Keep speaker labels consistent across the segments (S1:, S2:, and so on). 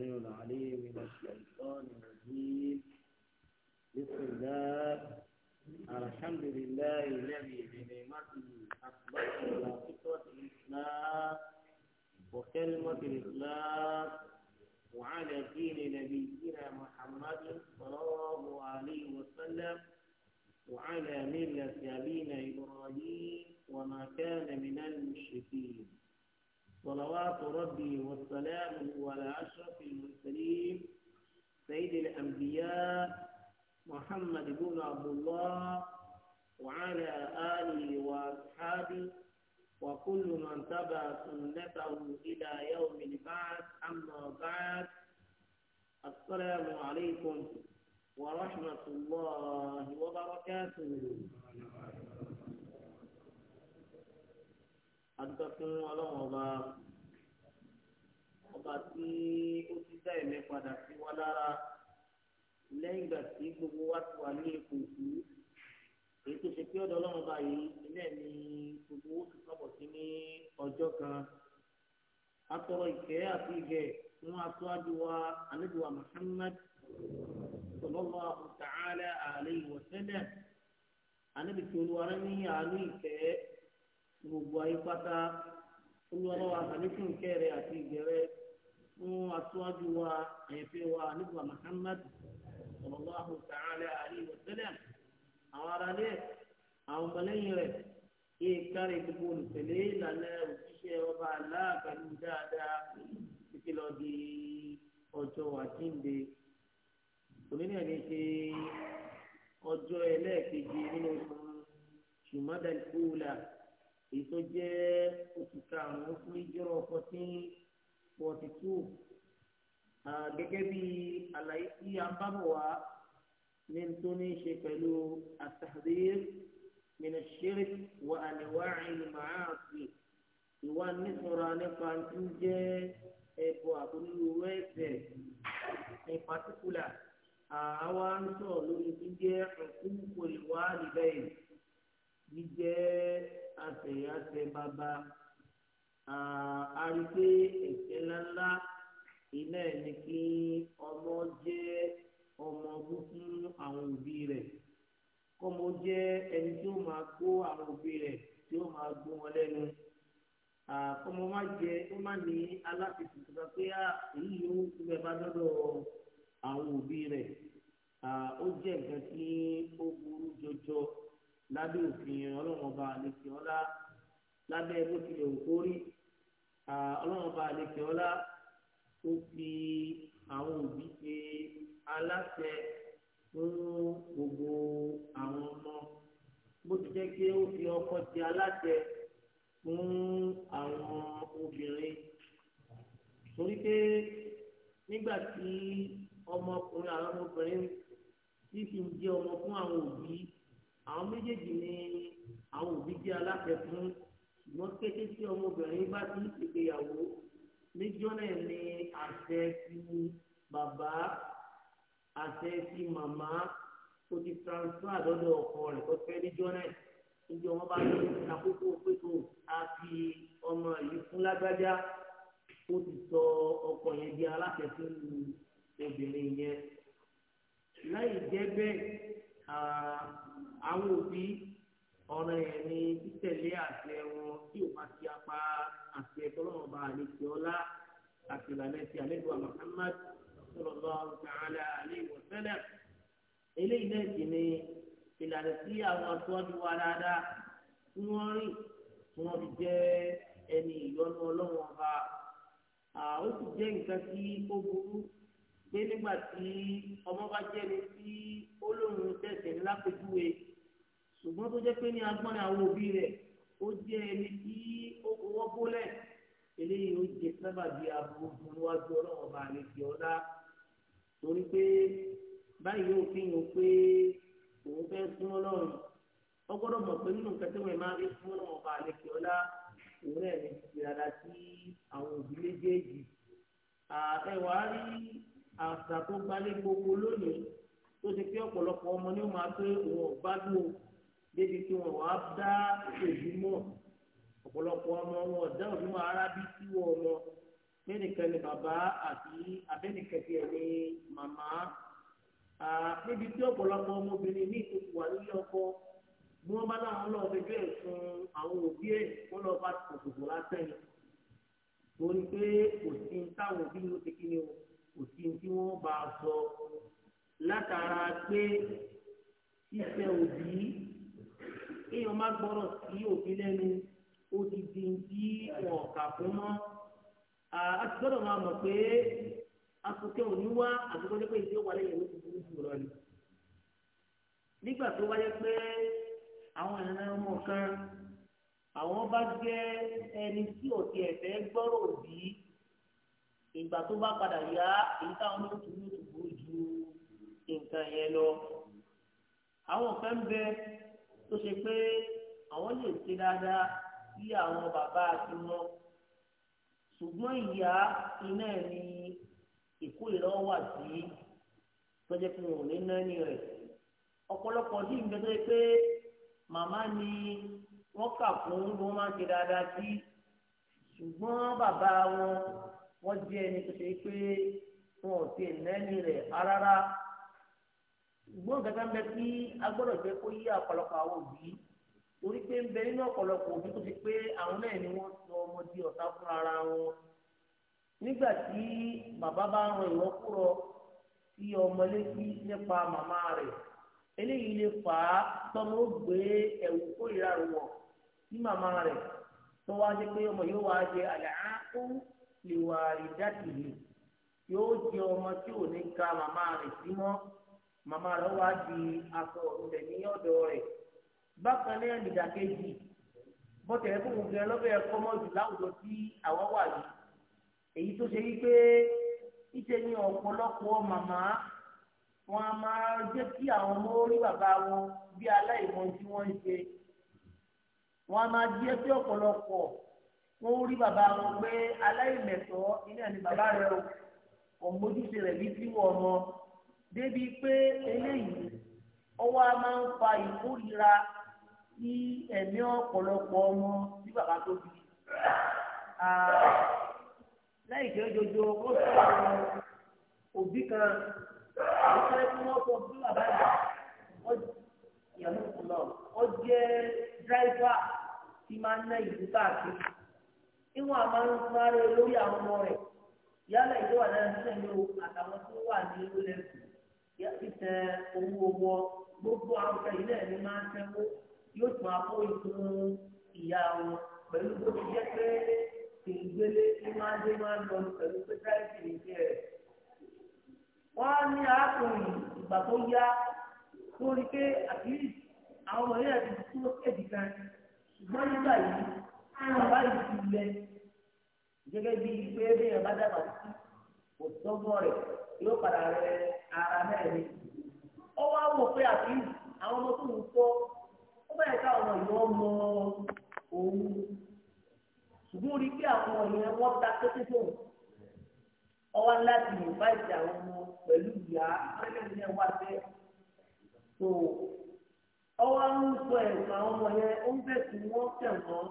S1: السميع العليم من الشيطان الرجيم بسم الله الحمد لله الذي بنعمته أصبحت على فطرة الإسلام وكلمة الإسلام وعلى دين نبينا محمد صلى الله عليه وسلم وعلى ملة أبينا إبراهيم وما كان من المشركين صلوات ربي والسلام على أشرف المرسلين سيد الأنبياء محمد بن عبد الله وعلى آله وأصحابه وكل من تبع سنته إلى يوم البعث أما بعد السلام عليكم ورحمة الله وبركاته adúgbò fún ọlọ́run ọba ọba tí ó ti dá ẹ̀mí padà sí wa lára lẹ́yìn ìgbà tí gbogbo wa ti wà ní ipò òkú èyí tó ṣe pé ọ̀dọ̀ ọba yìí ilé ní gbogbo ó ti sọ̀bọ̀ sí ní ọjọ́ kan atọrọ ìkẹ́ àti ìgẹ̀ fún aṣáájú wa anábìwá Muhammad sallallahu ta'ala alayhi wa sallam anábìtì olúwarẹ́ ní àánú ìkẹ́ gbogbo ayé pátá olùwàlọ́wọ́ àbálẹ́kùn kẹrẹ àti ìgẹrẹ fún aṣáájú wa àyẹ̀fẹ́ wa nígbà Muhammad sallallahu ta'ala alaihi wa sallam àwọn ará rẹ̀ àwọn ọmọlẹ́yìn rẹ̀ yìí kárí gbogbo olùtẹ̀lé ìlànà òṣìṣẹ́ ọba aláàbẹ̀lú dáadáa títí lọ di ọjọ́ àjíǹde òní ní ṣe ọjọ́ ẹlẹ́ẹ̀kejì nínú ṣùmọ́dà ìkúlà èyí tó jẹ́ oṣù karùn-ún fún ìjọrọ̀ fourteen forty two gẹ́gẹ́ bí àlàyé tí a ń bábọ̀ wá ní tó ní ṣe pẹ̀lú àtàdéyé mìíràn ṣeré wà àníwá ìlú màáfi ìwà nísọ̀rọ̀ nípa tí jẹ́ ẹ̀bùn àbúrúwú ẹ̀sẹ̀ ní pàtíkùlà àwa ń sọ̀rọ̀ lórí jíjẹ́ ẹ̀kú kò lè wá níbẹ̀ yìí jíjẹ́ àtẹ̀yàtẹ̀ bàbá a rí pé ẹ̀ṣẹ̀ ńláńlá iná ẹ̀ ní kí ọmọ jẹ́ ọmọ fún àwọn òbí rẹ̀ kọ́mọ jẹ́ ẹni tí ó máa kó àwọn òbí rẹ̀ tí ó máa gbó wọn lẹ́nu kọ́mọ má jẹ́ ó má ní aláfẹ̀sì tó bá pé èyí yóò tún bẹ́ẹ̀ bá dọ́dọ̀ àwọn òbí rẹ̀ ó jẹ́ nǹkan tí ó burú jọjọ lábẹ́ òfin ọlọ́run ọba àlekè ọlá lábẹ́ bó tilẹ̀ òkú rí ọlọ́run ọba àlekè ọlá ó fi àwọn òbí ṣe aláṣẹ fún gbogbo àwọn ọmọ bó ti jẹ́ pé ó fi ọkọ ti aláṣẹ fún àwọn obìnrin torí pé nígbà tí ọmọkùnrin àwọn ọmọbìnrin tí fi ń jẹ́ ọmọ fún àwọn òbí àwọn méjèèjì ni àwọn òbí jẹ́ aláṣẹ fún ṣùgbọ́n kété tí ọmọbìnrin bá ti ń ṣègbéyàwó níjọ́ náà ni àṣẹ ti bàbá àṣẹ ti màmá tó ti transfer lọ́dọ̀ ọkọ rẹ̀ tó fẹ́ níjọ́ náà níjọ́ wọn bá ní àkókò pẹ̀tọ́ àti ọmọ yìí fún lágbájá ó ti sọ ọkọ yẹn di aláṣẹ fún obìnrin yẹn láì jẹ́ bẹ́ẹ̀ àwọn òbí ọ̀rọ̀ ẹ̀ ní títẹ̀lé àṣẹ wọn tí ò bá ti apá àṣẹ tọ́lọ́mọba àlejò ọlá àti ìlànà ti àlejò Muhammad sallallahu ta'ala alayhi wa sallam eléyìí náà sì ni ìlànà tí àwọn atọ́jú wa dáadáa tí wọ́n rìn tí wọ́n fi jẹ́ ẹni ìyọ́nú ọlọ́run ọba ó sì jẹ́ nǹkan tí ó burú pé nígbà tí ọmọ bá jẹ́ni tí ó lóun tẹ̀sẹ̀ ní lápẹ́júwe ṣùgbọ́n tó jẹ́ pé ní agbọ́nrin àwọn òbí rẹ̀ ó jẹ́ ẹni tí ó fọwọ́ bólẹ̀ eléyìí ó jẹ sábà bí aburú fún níwájú ọlọ́run ọba àlejò ọlá torí pé báyìí yóò fi hàn pé òun fẹ́ súnmọ́ lọ́rùn ó mọ̀ pé nínú nǹkan tí wọ́n máa ń fún ọlọ́run ọba àlejò ọlá òun rẹ̀ ní ti rárá sí àwọn òbí méjèèjì àtẹwàá rí àṣà tó gbalẹ̀ gbogbo lónìí tó ti fi ọ̀pọ̀lọpọ̀ ọmọ ní wọn pé wọn ò gbádùn o débi tí wọn wàá dá òbí mọ̀ ọ̀pọ̀lọpọ̀ ọmọ wọn ọ̀dá òbí mọ̀ arábí sí wọn ọmọ mẹ́nìkan ni bàbá àti abẹ́nìkẹ́kẹ́ ẹ̀ ni màmá níbi tí ọ̀pọ̀lọpọ̀ ọmọbìnrin ní ìtòkù wà nílé ọkọ bí wọ́n bá láwọn lọ fẹjọ́ ẹ̀ sun àwọn òbí ẹ̀ wọ́n lọ bá tòkòtò lásán torí pé kò táwọn òbí ló ti kí ni o kò sí tí wọ́n bá a sọ látara pé ṣíṣe òbí èèyàn má gbọ́rọ̀ sí òbí lẹ́nu ó ti di tí wọn kà fún mọ́ a ti gbọ́dọ̀ máa mọ̀ pé asòkè òní wá àtúkọ́jọ́ pé ìdí ó wà lẹ́yìn ló ti burú jù lọ ni nígbà tó wáyé pé àwọn ìran ọmọ kan àwọn bá jẹ́ ẹni tí òkè ẹ̀fẹ́ gbọ́rọ̀ òbí ìgbà tó bá padà yá èyí táwọn olóòtú yóò tó burú ju nǹkan yẹn lọ àwọn kan bẹ tó ṣe pé àwọn lè ṣe dáadáa sí àwọn bàbá àti wọn ṣùgbọ́n ìyá iná ẹ̀ ní ìkórìíra wà sí tọ́jẹ́ pé wọn ò ná ní rẹ̀ ọ̀pọ̀lọpọ̀ sí ìgbẹ́ tó yẹ pé màmá ni wọ́n kà fún bí wọ́n máa ṣe dáadáa sí ṣùgbọ́n bàbá wọn wọ́n jẹ́ ẹni tó ṣe pé wọn ò tiẹ̀ nẹ́ni rẹ̀ rárá gbọ́n gẹ́gẹ́ bẹ kí agbọ́dọ̀ jẹ́ kó yí ọ̀pọ̀lọpọ̀ àwọn òbí torí pé ń bẹ nínú ọ̀pọ̀lọpọ̀ òbí tó ti pé àwọn náà ni wọ́n sọ ọmọ ọ̀tá fún ara wọn nígbà tí bàbá ọmọ létí nípa màmá rẹ̀ eléyìí lè fà á ó gbé ẹ̀wù kórìíra rẹ̀ wọ̀ sí màmá rẹ̀ tó jẹ́ pé ọmọ yóò ìwà ìdátìlì yóò jẹ ọmọ tí ò ní ka màmá rẹ̀ sí mọ́ màmá rẹ̀ wá di aṣọ rẹ̀ ní ọ̀dọ̀ rẹ̀ bákan náà nìdàkejì bọ́tẹ̀ fún òun gẹ lọ́bẹ̀ ẹ̀kọ́ mọ́jú láwùjọ tí àwa wà yìí èyí tó ṣe wípé ìṣe ni ọ̀pọ̀lọpọ̀ màmá wọn a máa jẹ́ kí àwọn ọmọ orí bàbá wọn bí aláìmọ̀ tí wọ́n ń ṣe wọn a máa jẹ́ kí ọ̀pọ̀lọpọ̀ wọ́n rí bàbá wọn pé aláìmẹ̀tọ́ iná ni bàbá rẹ o òmójúṣe rẹ̀ bí tí wọ́n mọ débi pé eléyìí ọwọ́ a máa ń fa ìkórira ní ẹ̀mí ọ̀pọ̀lọpọ̀ ọmọ tí bàbá tó bí láìpẹ́ òjòjò ó sọ̀rọ̀ òbí kan àwọn tí wọ́n sọ fún bàbá yìí ó jẹ́ dráìvà tí máa ń ná ìlú káàkiri. tí a máa ń sáré lórí àwọn ọmọ rẹ̀ yálà ìlú wà náà sílẹ̀ ní o àtàwọn tó wà ní ìlú lẹ́sù tẹ owó wọ gbogbo àwọn ọ̀sẹ̀ na ní máa ń tẹ́kọ́ yóò tún àpò ìfún ìyá wọn pẹ̀lú bó ti jẹ́ pé máa ń dé máa ń lọ pẹ̀lú pé tó ti bàbá yìí ti lẹ gẹ́gẹ́ bí pé bẹ́ẹ̀ bá dàgbà sí òtítọ́gbọ́n rẹ̀ yóò padà rẹ ara náà ni. ó wá wò pé àfi àwọn ọmọ tó ń kọ́ ó bẹ̀rẹ̀ ká ọmọ yìí wọ́n mọ òun ṣùgbọ́n orí bí àwọn ọmọ yẹn wọ́n ta kété fóun ọwọ́ láti ìfáìsì àwọn ọmọ pẹ̀lú ìyá ọ̀rẹ́dẹ̀ẹ́dẹ́ yẹn wá bẹ́ẹ̀ tó ọwọ́ ń sọ ẹ̀sùn àwọn ọmọ yẹn ó ń bẹ̀sùn wọ́n tẹ̀ wọ́n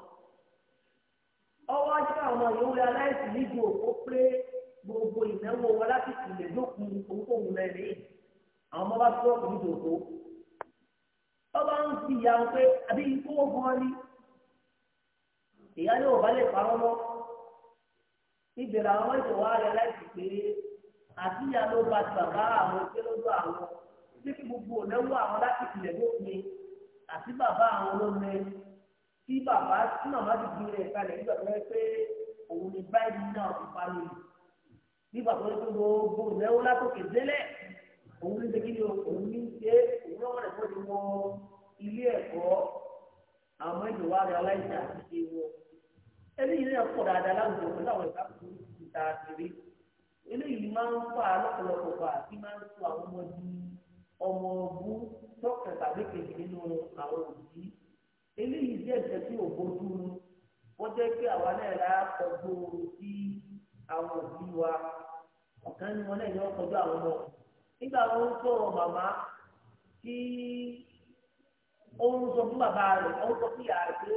S1: ọwọ́ ajá àwọn ìyóò rẹ aláìsí níbi òkú pé gbogbo ìnáwó wọn láti tìlẹ̀ lókun òkúkòwò rẹ rèé àwọn ọmọ bá sọ́ọ̀kù níbi òkú ọba ń fi ìyá wọn pé àbí ikú ogun ọ ní ìyá yóò bá lè pa ọmọ ìbẹ̀rẹ̀ àwọn ìṣòwò rẹ láìsí pé àti ìyá ló bá ti bàbá àwọn ìṣe lọ́dọ̀ àwọn tí gbogbo ìnáwó àwọn láti tìlẹ̀ lókun àti bàbá àwọn ló mẹ́rin tí bàbá tí màmá ti gbé rẹ̀ kalẹ̀ nígbà tó yẹ pé òun ni báyìí náà ti pa lóyún nígbà tó yẹ pé gbogbo ìrẹ́wó látòkè délẹ̀ òun ní ṣe ni òun ní ṣe òun lọ́wọ́ rẹ̀ fọ́ni wọ ilé ẹ̀kọ́ àwọn ìdòwà rẹ̀ aláìsàn àti ṣe wọn eléyìí náà pọ̀ dáadáa láwùjọ pẹ̀lú àwọn ìsàkóso ìta kiri eléyìí máa ń fa lọ́pọ̀lọpọ̀ fà tí máa ń sọ àwọn ọmọ ọmọ ọgbú tọ́kẹ̀ tàbí kejì nínú àwọn òbí eléyìí. jẹ́ nǹkan tí ò bójú mu ó jẹ́ pé àwa náà la kọjú sí àwọn òbí wa ọ̀kan ni wọn náà yọ kọjú àwọn ọmọ nígbà wọn ń màmá ó ń sọ fún bàbá ó ń sọ fún ìyá pé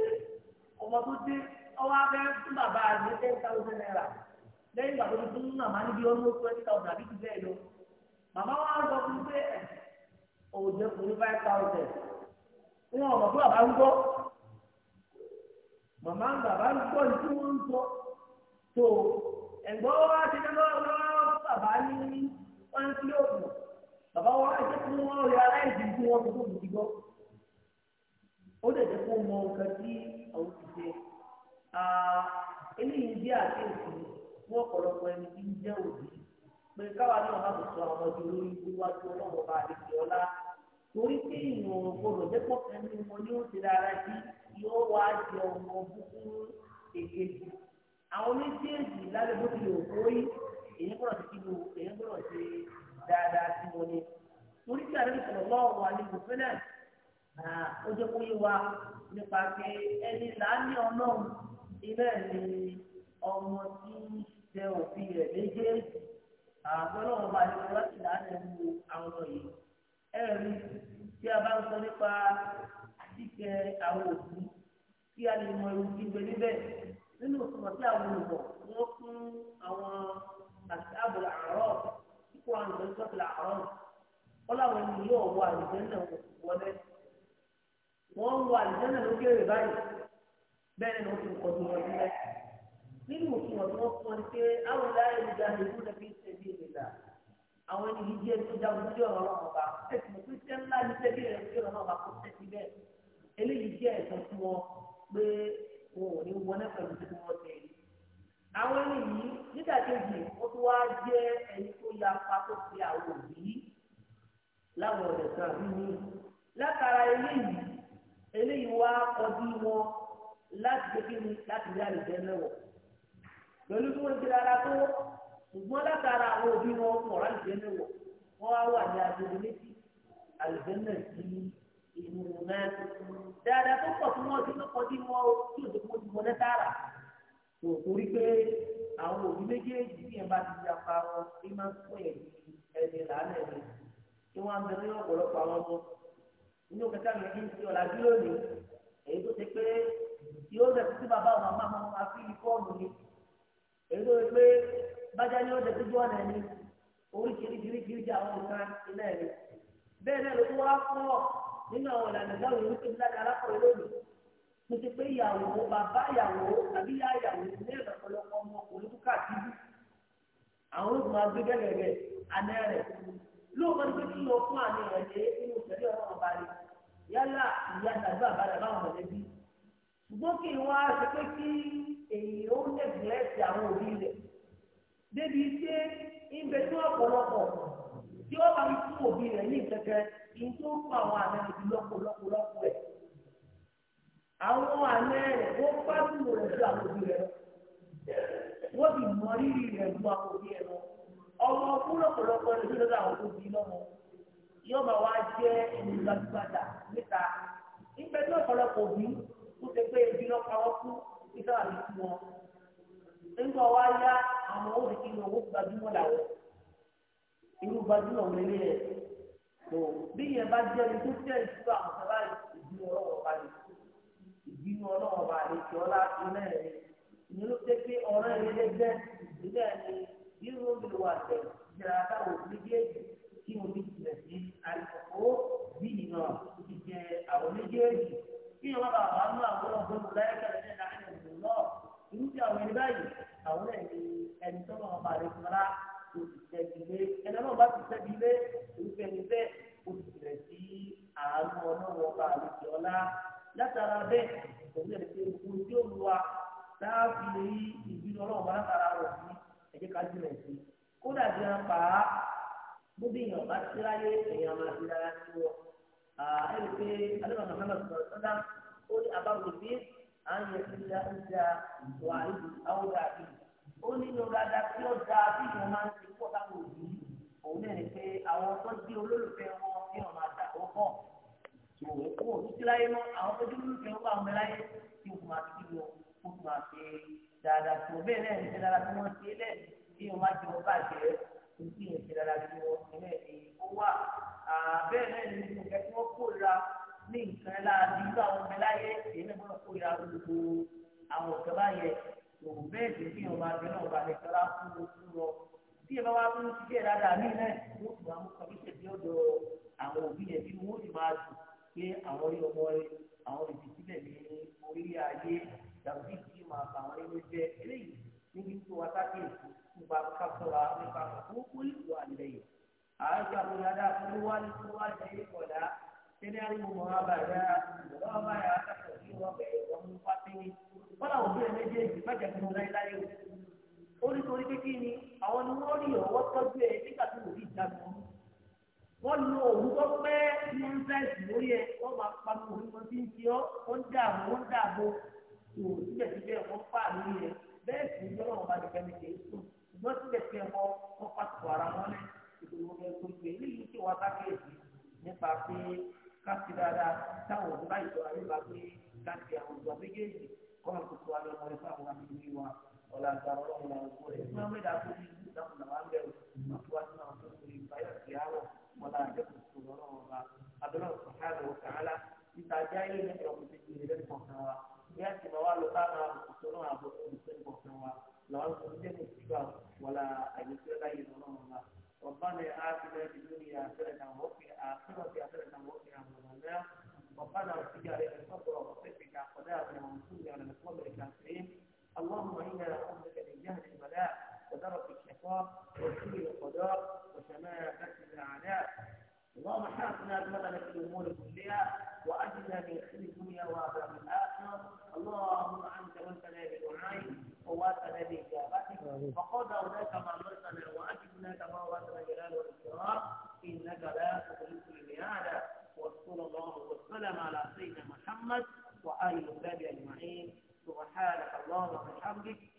S1: ọmọ tó dé ọwọ́ abẹ́ fún bàbá ní ten thousand naira lẹ́yìn ìgbà tó ti fún màmá níbi ọdún àbí ti bẹ́ẹ̀ lọ màmá wa sọ fún pé òòjẹ́ kò ní five thousand wọn ò màmá ń bàbá ń gbọ́ ní tí wọ́n ń sọ tó ẹ̀gbọ́n wa ti dáná lọ́wọ́ bàbá ní wọ́n ń fi òògùn bàbá wa jẹ́ kí wọ́n rí aláìsí tí wọ́n tó kù gbọ́ ó lè jẹ́ kó mọ nǹkan tí àwọn ti ṣe eléyìí bí àkéèsì fún ọ̀pọ̀lọpọ̀ ẹni tí ń jẹ́ òbí pé káwa náà má tó sọ àwọn ọmọdé olórí wíwájú ọlọ́wọ́ bá a lè torí pé ìwọ̀n ògbọ́dọ̀ jẹ́ pọ̀ kẹ́ni wọn ni ó ti dára sí yóò wá di ọmọ búburú èkejì àwọn méjèèjì lábẹ́ bó tilẹ̀ òkú yí èyí gbọ́dọ̀ ti kíbo èyí gbọ́dọ̀ ti dáadáa sí wọn ni torí tí àdébí sọ̀rọ̀ lọ́wọ́ wa ní gbòfẹ́ náà ó jẹ́ kó yé wa nípa pé ẹni làálẹ̀ ọlọ́run ilé ni ọmọ tí ń tẹ òbí rẹ̀ méjèèjì àgbọ̀lọ́wọ́ bá ní wọ́n ti làálẹ̀ wu àwọn yìí ẹ̀rí tí a bá ń sọ nípa kíkẹ àwọn òkú kí a lè mọ ewu tí ń bẹ níbẹ̀ nínú òṣùwọ̀n tí àwọn olùbọ̀ wọ́n fún àwọn àṣàbò àárọ̀ kíkọ àwọn ìwé sọ́kìlà àárọ̀ wọ́n láwọn ẹni yóò wọ àlùjẹ́ náà wọlé wọ́n ń wọ àlùjẹ́ náà lókèrè báyìí bẹ́ẹ̀ ni wọ́n fi kọ́ tó wọn sílẹ̀ nínú òṣùwọ̀n tí wọ́n fún wọn ni pé àwọn ìlà ìlúdà ìlú náà fi ń ṣe àwọn ènìyàn jẹ́ tó jagun lójú ọ̀rọ̀ ọ̀ba ẹ̀sìn òfin ńlá ní sẹ́bí rẹ̀ lójú ọ̀rọ̀ ọ̀ba kó tẹ́sí bẹ́ẹ̀ eléyìí jẹ́ ẹ̀sán fún wọn pé wọn ò ní wọn náà pẹ̀lú tí wọ́n tẹ̀ yìí. àwọn eléyìí nígbà kejì wọ́n tún wá jẹ́ ẹni tó ya apá tó fi àwọn òbí láwọn ọ̀rẹ́ kan àbí mi. látara eléyìí eléyìí wá kọjú wọn láti gbé kí ni láti rí àlùjẹ mẹ́wọ̀. pẹ̀lú tí wọ́n ti rárá tó ṣùgbọ́n látara àwọn òbí wọn kọ̀ àlùjẹ mẹ́wọ̀ wọ́n wá wà ní àjẹjẹ méjì àlùjẹ náà Ị náà dáadáa tó pọ̀ tí wọ́n ti tó kọjú wọn tí o lẹ́tàrà tó torí pé àwọn òbí méjèèjì bí ẹ̀ bá ti di apá wọn bí máa ń pè é ẹni làálẹ̀ wọ́n á bẹ ní ọ̀pọ̀lọpọ̀ àwọn ọmọ inú kẹta mi kí n ti ọ̀la bí lónìí èyí tó ti pé yóò dẹ̀ ti bàbá àwọn àmà àwọn afi fọ́ọ̀mù ni èyí tó pé bájá ẹni nínú àwọn ìlànà náà ìlú tó ń dára alákọ̀ọ́ lónìí mo ti pé ìyàwó bàbá ìyàwó tàbí ìyá ìyàwó ní ẹ̀rọ ọ̀pọ̀lọpọ̀ ọmọ ọkùnrin tó kà sí àwọn oògùn agbẹ́gẹ́lẹ̀ rẹ̀ àná rẹ̀ lóòótọ́ ni pé kí lọ fún àmì rẹ̀ dé nínú ìṣẹ̀lẹ̀ ọ̀rọ̀ ọba rẹ̀ yálà ìyá tàbí àbálẹ̀ báwọn mọ̀lẹ́bí ṣùgbọ́n kí n wá ṣe pé kí èyí ó nẹ́gbẹ̀ẹ́sì àwọn òbí rẹ̀ débi pé ìbẹ̀tún ọ̀pọ̀lọpọ̀ tí wọ́n bá fi fún òbí rẹ̀ ní ìkẹ́kẹ́ ní tó fún àwọn àmì ìdí lọ́pọ̀lọpọ̀ lọ́pọ̀ ẹ̀. Àwọn àmì rẹ̀ wọ́n gbádùn rẹ̀ ju àkòbí rẹ̀ lọ. Wọ́n ti mọ rírì rẹ̀ ju àkòbí rẹ̀ lọ. Ọmọ ọkùnrin lọ́pọ̀lọpọ̀ rẹ̀ ló lọ́dọ̀ àwọn lọ́mọ. Yóò máa wá jẹ́ ẹni gbajúgbajà níta. Nígbà tí ọ̀pọ̀lọpọ̀ òbí tó ṣe pé ebi wọ́n fún àbí fún wọn. Nígbà wá tó bí yẹn bá jẹ́ ní tó jẹ́ ìṣúra àwọn ọ̀sán láì ìbínú ọlọ́wọ́ balẹ̀ ìbínú ọlọ́wọ́ balẹ̀ tí ọlá iná ẹ̀ ni ló ṣe pé ọ̀rẹ́ ilé jẹ́ ìbílẹ̀ ni irú omi wà tẹ̀ jẹ́ra táwọn méjèèjì tí mo ti tilẹ̀ sí àìsàkó bí iná ti jẹ àwọn méjèèjì kí ni wọ́n bá wà nínú àwọn ọ̀gbọ́n mi láyé kẹrẹ ọlọ́wọ́ ọba àlejò ọlá látara bẹ́ẹ̀ òun lè ṣe ohun tí ó lu wa láàfin lè yí ìbínú ọlọ́wọ́ látara rọ̀ sí ẹ̀jẹ̀ ká jìnà sí kódà bí wọn pa á bó bí èèyàn bá ti ráyé èèyàn máa ti rárá sí wọn. ẹ̀rì pé alẹ́wọ̀n Muhammad sọ̀rọ̀ sọ́dá ó ní abáwò bí à ń yẹ kí ṣe ń ṣe ìwà àìlú àwòrán àbí. ó nínú dáadáa tí ó dáa bí wọn máa ń ṣe pọ̀ táwọn òbí òun náà ni pé àwọn tó òun kó òun títí láyé mọ́ àwọn tó dúró lókè owó àwọn ẹláyé tí o máa fi wọ o máa fi dáadáa tó bẹ́ẹ̀ náà ní ṣe dáadáa tí wọ́n ṣe lẹ́ẹ̀ tí o máa jẹ wọn bàjẹ́ o sì ń ṣe dáadáa tí wọ́n ṣe lẹ́ẹ̀ ní ó wà bẹ́ẹ̀ náà ní nǹkan tí wọ́n kórira ní nǹkan láàbí bá àwọn ẹláyé èyí náà gbọ́dọ̀ kórira gbogbo àwọn ọ̀kẹ́ báyẹn òun bẹ́ẹ̀ sì kí fún o fún lọ tí ìbá wa tún ṣiṣẹ́ dáadáa ní ilẹ̀ ìwọ́n ti àwọn òbí yẹn bí wọ́n ti máa dùn pé àwọn orí ọmọ rẹ àwọn ìdísílẹ̀ ní orílẹ̀ ayé dàbí kí máa bà wọ́n nínú jẹ́ eléyìí níbi tó wá sáké nípa kápẹ́wà nípa kókó ìwà lẹ́yìn. àájá mi yàrá fún wa ní kí wọ́n jẹ́ ìkọ̀dá tẹ́lẹ̀ àríwó mọ́ abàyà ìrọ̀ abàyà akẹ́kọ̀ọ́ sí wọn bẹ̀rẹ̀ wọn mú wá sí ni. wọ́n làwọn òbí rẹ̀ méjèèjì bàjẹ́ fún un láéláé o. ó ní torí pé kí ni àwọn ni wọ́n rí ọ̀wọ́ tọ́jú ẹ nígbà tí òbí ìjà mi wọ́n lo òun tó pẹ́ nọ́ńsẹ̀sì lórí ẹ̀ wọ́n máa pariwo orí wọn tí ń ṣe ọ́ wọ́n dààmú wọ́n dààmú tó síbẹ̀síbẹ̀ wọ́n fà lórí ẹ̀ bẹ́ẹ̀ sì ń jọ́lọ́wọ́ bá nìkan nìkan yìí sùn ṣùgbọ́n síbẹ̀síbẹ̀ wọ́n wọ́n pàtó ara wọn lẹ́ ìdòwò rẹ̀ gbogbo eléyìí tí wọ́n bá kéèsì nípa pé káfí dáadáa táwọn òbí báyìí sọ àríwá pé káfí àwọn ìgbà méjèèjì kọ́nà tó tó wọ́n náà jẹ́ kó tó lọ́wọ́ ọba abẹ́rẹ́ sọ̀hánà wọ́tà hálà níta ajá yìí ní ọkùnrin méjì rẹ̀ lẹ́nu kọ̀ọ̀kan wa bí a ti máa wá lọ sáà máa kò tó náà àbọ̀ fún ìṣẹ́ni kọ̀ọ̀kan wa làwọn kò ní jẹ́ kó tó wọ́n la àyè tí ó dá yìí lọ́wọ́ ọba ربنا آتنا في الدنيا حسنة وفي الآخرة حسنة وقنا عذاب النار ربنا وفق علينا الصبر وصدق أقدامنا وانصرنا على القوم الكافرين اللهم إنا نعوذ بك من جهل البلاء ودرك الشقاء وسوء القضاء وشماتة تعالى اللهم حافظنا بلغنا في الامور كلها واجلنا من خير الدنيا وعذاب الاخره اللهم انت ولتنا بدعائك وواتنا باجابتك فقد اولاك ما امرتنا واجبنا كما واتنا الجلال والاكرام انك لا تخلف الميعاد وصلى الله وسلم على سيدنا محمد وآله وصحبه أجمعين سبحانك اللهم وبحمدك